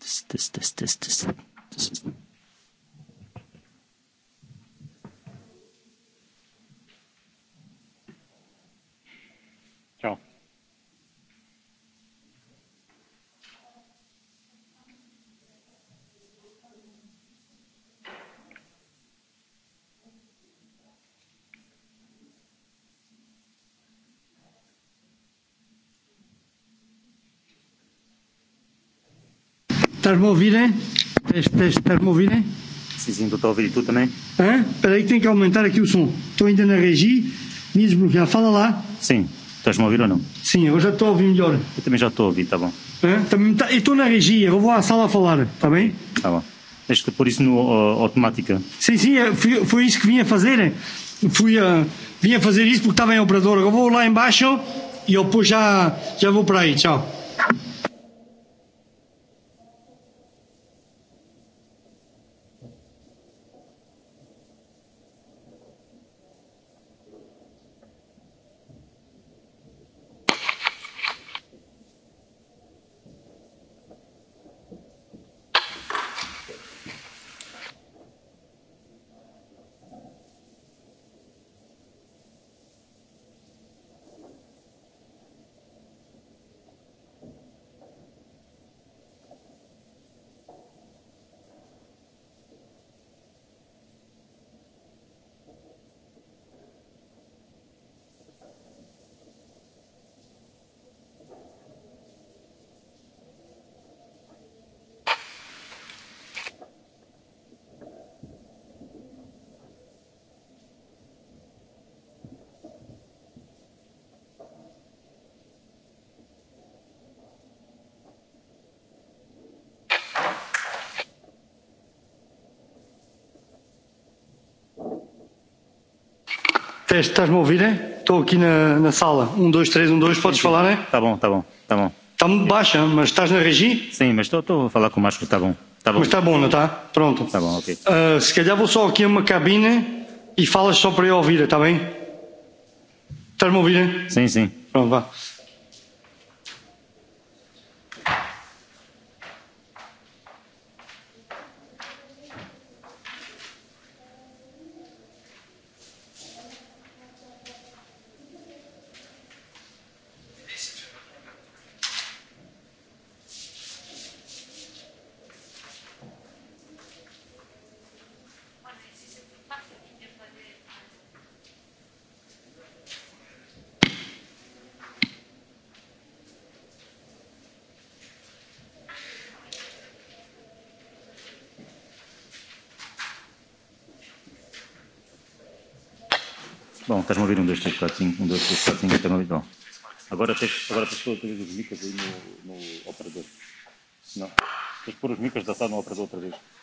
This this this this this test. Estás me no. a ouvir, é? Estás-me a ouvir, é? Sim, sim, estou a ouvir tu também. Hã? Espera aí que tem que aumentar aqui o som. Estou ainda na regi, me desbloquear. Fala lá. Sim. Estás-me a ouvir ou não? Sim, eu já estou a ouvir melhor. Eu também já estou a ouvir, está bom. É? Também tá, eu estou na regia, eu vou à sala a falar, está bem? Está bom. Deixa-te pôr isso no, uh, automática. Sim, sim, fui, foi isso que vim a fazer. Fui, uh, vinha fazer isso porque estava em operador. Eu vou lá embaixo e eu já, já vou para aí. Tchau. Teste, estás-me a ouvir, hein? Estou aqui na, na sala. Um, dois, três, um, dois, podes sim, sim. falar, né? Tá bom, tá bom, tá bom. Está muito baixa, mas estás na regi? Sim, mas estou a falar com o Márcio, tá bom. Tá bom. Mas está bom, não está? Pronto. Tá bom, ok. Uh, se calhar vou só aqui a uma cabine e falas só para eu ouvir, está bem? Estás-me a ouvir? Hein? Sim, sim. Pronto, vá. estás-me a ouvir? Um, dois, três, quatro, cinco, um, dois, três, quatro, cinco, estás me ouvir. Agora tens, agora tens que pôr os micas aí no, no operador. Não. Tens que pôr os micas da SAD no operador outra vez.